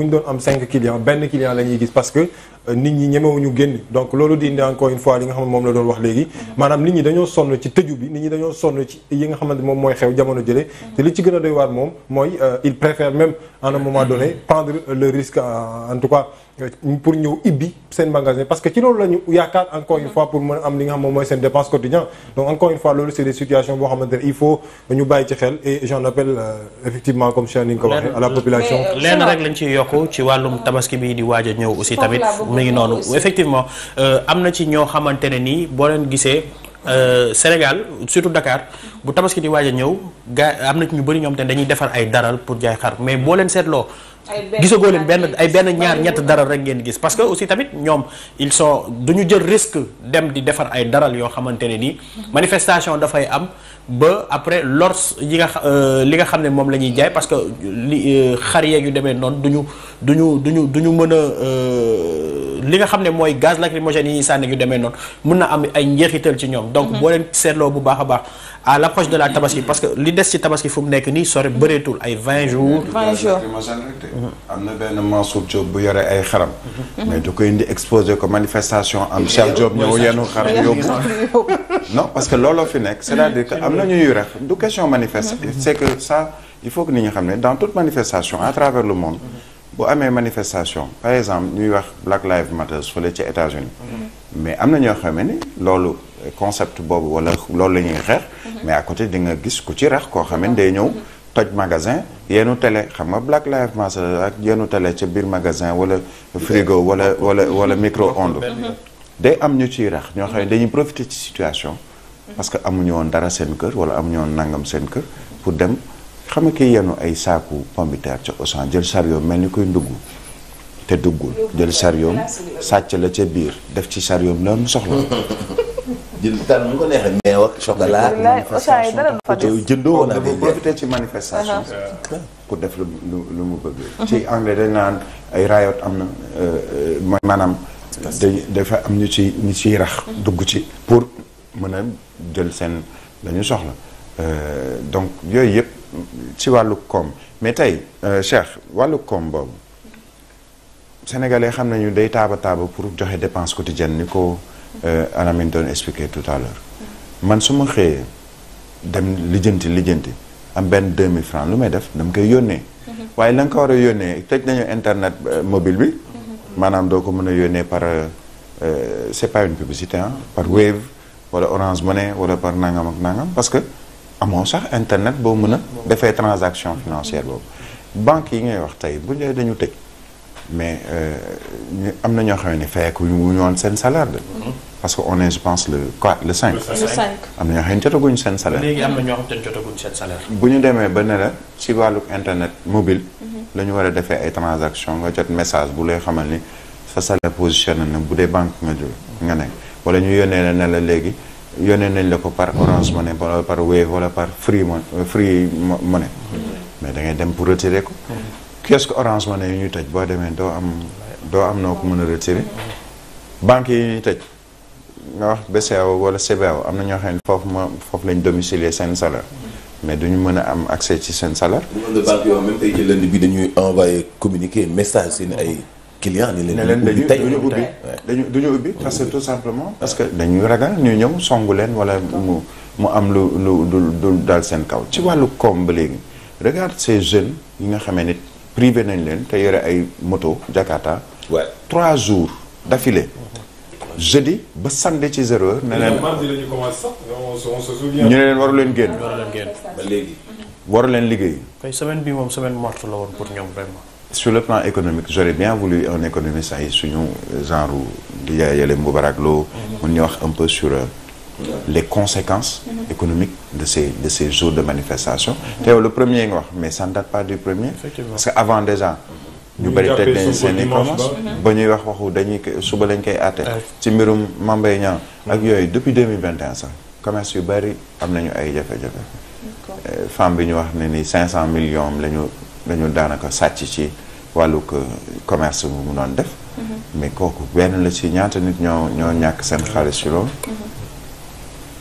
Windows doon am 5 clients benn client la ñuy parce que euh, nit ñi ñemewuñu génn donc loolu di indi encore une fois li nga xam ne moom la doon wax léegi maanaam nit ñi dañoo sonn ci tëju bi nit ñi dañoo sonn ci yi nga xamante moom mooy xew jamono jëlee te li ci gën a doy waar moom mooy euh, il préfère même en un moment donné prendre le risque euh, en tout cas pour ñëw ibbi seen magasin parce que ci loolu la ñu yaakaar encore une fois pour mën a am li nga xam moom mooy seen dépense quotidien donc encore une fois loolu c'est des situations boo xamante ne il faut ñu bàyyi ci xel et j'en appelle effectivement comme Cheikh ni nga ko waxee à la population lenn rek lañ ciy yokku ci wàllum tabaski bi di waaj a ñëw aussi tamit mi ngi effectivement euh, am na ci ño xamantene ni bo len leen euh, Sénégal surtout Dakar bu tabaski di waaj a ñëw ci ñu bari ñom té dañuy défar ay daral pour jay xar mais bo len seetloo gisagoo leen benn ay benn ñaar ñett daral rek ngeen gis parce que aussi tamit ñoom il sont du ñu jël risque dem di defar ay daral yoo xamante ne nii manifestation dafay am ba après lors yi nga euh, li nga xam ne moom la ñuy jaay parce que li euh, xar yeeg yu demee noonu duñu duñu duñu du ñu mën a euh, li nga xam ne mooy gaz lacrymogène yi ñuy sànni yu demee noonu mun na am ay njeexital ci ñoom donc mhm. boo leen seetloo bu baax a baax à l'approche de la tabaski parce que l'idée de ci tabaski fu mu que nii sori bëreetul ay 20 jours. 20 jours am na benn Mansour bu yore ay xaram. mais du ko indi exposer comme manifestation am Cheikh job ñëw yenu xaram non parce que lolo fi nek c'est-à-dire que am na ñuy rex du question manifestation mm-hmm. c'est que ça il faut que nous ñi dans toute manifestation à travers le monde. bu amé manifestation par exemple ñuy wax Black Lives Matter sur les États-Unis mm-hmm. mais am na ñoo xam ne concept bob wala loolu la ñuy mais à côté di nga gis ku ci rax ko xam day ñew toj magasin yeenu télé xam nga Black life Matter ak yeenu télé ci bir magasin wala frigo wala wala wala micro-ondes day am ñu ci rax ñoo xam dañuy profiter ci situation parce que amuñu woon dara seen kër wala amuñu woon nangam seen kër pour dem xam nga kiy yenu ay saaku pombiteer ci Auchan jël chariot mel koy ndugg te duggul jël chariot la ci bir def ci chariot la soxla jël tànn mu ko neexee mais wax jëndoo woon na profité ci manifestation. ku uh-huh. def lu mu bëgg. Uh-huh. ci anglais dañ naan ay riot am na euh, mooy maanaam. dafa am ñu ci ñu ciy rax. dugg ci pour mën a jël seen la ñu soxla euh, donc yooyu yëpp ci wàllu koom mais tey euh, Cheikh wàllu koom boobu sénégalais xam nañu day taaba taaba pour joxe dépense quotidienne ni ko. Euh, Anamine Minton expliqué tout à l'heure man suis am 2000 francs def de mhm. internet euh, mobile bi. Mhm. maanaam de ko euh, c'est pas une publicité hein, par Wave Orange Money wala par nangam parce que à internet transactions transaction financière mhm. mais ñu am na ñoo xam ne feyeeku ñu woon seen salaire de. Mhm. parce que on est je pense le quoi le 5. le 5 am na ñoo xam ne jotaguñ seen salaire. léegi am na ñoo xam te ne jotaguñ seen salaire. bu ñu demee ba ne la ci wàllu internet mobile. Mhm. la ñu war a defee ay transaction nga jot message bu lay xamal ni sa salaire positionné na bu dee banque nga jóge nga nekk wala ñu yónnee la ne la léegi yónnee nañ la ko par Orange Money wala par Wave wala par Free euh, Free Money mhm. mais da ngay dem pour retirer ko. ce que Orange Money yi ñuy tëj boo demee doo am. doo am noo ko mën a retirer banques yi ñuy tëj nga wax BCEAO wala CBAO am na ñoo xam ne foofu ma foofu lañ domicilier seen salaire mais duñu mën a am accès ci seen salaire. bu banque yoo même tey envoyé communiqué message seen ay clients. ni leen dañuy dañuy dañu duñu ubbi parce que tout simplement. parce que dañuy ragal ñu ñëw songu leen wala mu mu am lu lu lu dal seen kaw. ci wàllu koom ba léegi regarde ces jeunes yi nga xamee ne privé nañ leen te yore ay moto Jakarta. trois jours d'affilée. jeudi ba samedi ci zéro on se souvient. sur le plan économique j'aurais bien voulu un économiste ay suñu genre les yàlla Lo. on mhm. y un peu sur euh, les conséquences mhm. économiques de ces jours de manifestation. le premier mais ça ne date pas du premier. parce que avant déjà. ñu bëri teg nañ seen i commence ba ñuy wax waxu dañuy suba lañ koy àtte ci mbirum Mame yi Niang ak mm-hmm. yooyu depuis 2021 sax commerce yu bëri am nañu ay jafe-jafe euh, femme bi ñu wax ne ni 500 millions la ñu lañu daanaka sàcc ci wàllu commerce bu mu noon def mm-hmm. mais kooku benn la ci ñaata nit ñoo ñoo ñàkk seen xaalis ci loolu mm-hmm.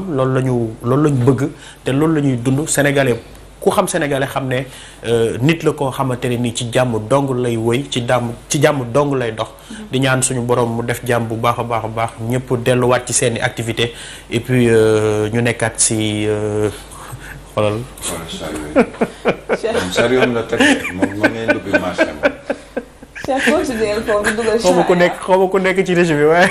am loolu la ñu loolu la ñu bëgg te loolu lañuy dund sénégalais ku xam sénégalais xam ne euh, nit la koo xamante ne nii ci jàmm dong lay woy ci jàmm ci jàmm dong lay dox. Mm-hmm. di ñaan suñu boroom mu def jàmm bu baax a baax a baax ñëpp delluwaat ci seeni activité et euh, ñu nekkaat si euh, xolal. xaw ma ku nekk xaw ma ku nekk ci régime waaye.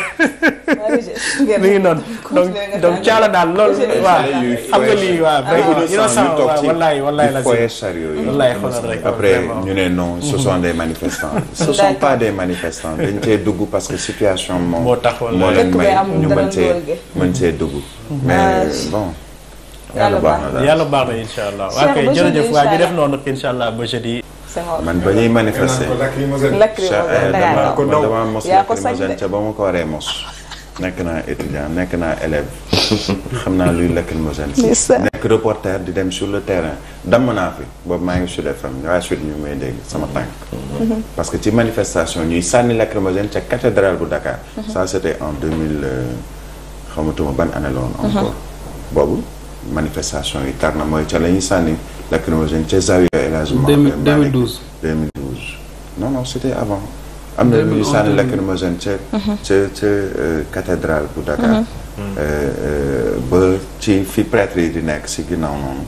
mi ngi noonu donc donc caala daal loolu. waaw xam nga lii waaw vraiment innocent waaw wallaay wallaay la wallaay xoolal après ñu ne non ce sont des manifestants ce sont pas des manifestants dañ cee dugg parce que situation moom moo tax moo leen may ñu mën cee mën cee baax yàlla baax na incha allah waa kay jërëjëf waa ñu def ba jeudi man ba ñuy manifester. lacrymogène lacrymogène eh, ba ma ko waree mos nekk naa étudiant nekk naa élève xam naa luy lacrymogène nekk reporter di dem sur le terrain dam naa fi boobu maa ngi Sud FM waa Sud ñu may dégg sama tànk mhm. parce que ci manifestation ñuy sànni lacrymogène ca cathédrale bu Dakar mhm. ça c'était en 2000 euh, xamatuma ban année la woon mhm. encore boobu manifestation yi tar na mooy ca la sànni lacrymogène ca Zawiya El Hadji Malick 2012 2012 non non avant am na lu ñu sànni lacrymogène ca cathédrale bu Dakar ba ci fi prêtre yi di nekk ci ginnaaw noonu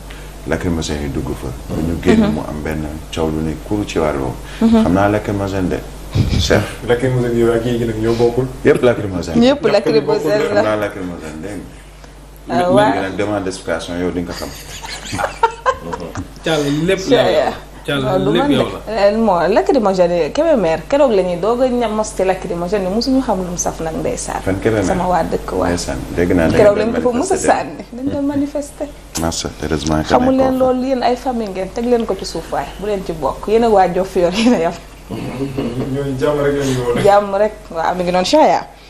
lacrymogène yi dugg fa bu ñu génn mu am benn coow lu ne kuru ci wàll boobu xam naa lacrymogène de cheikh lacrymogène yi ak yi nag ñoo bokkul yëpp lacrymogène yëpp lacrymogène la xam naa lacrymogène dégg nga nag demande d'explication yow di nga xam lépp la lu eh, man de moo lacrymogène Kébémer keroog la ñuy doog a ñamosti lacrymogène yi mosuñu xam lu mu saf nag ndeysaan sama waa dëkk waa keroog lañ ko fa mos a sànni dañ doon manifester xamul leen loolu yéen ay famille ngeen teg leen ko ci suuf waay bu leen ci bokk yéen a waa jof yéen a yam jàmm rek waaw mi ngi noonu chaya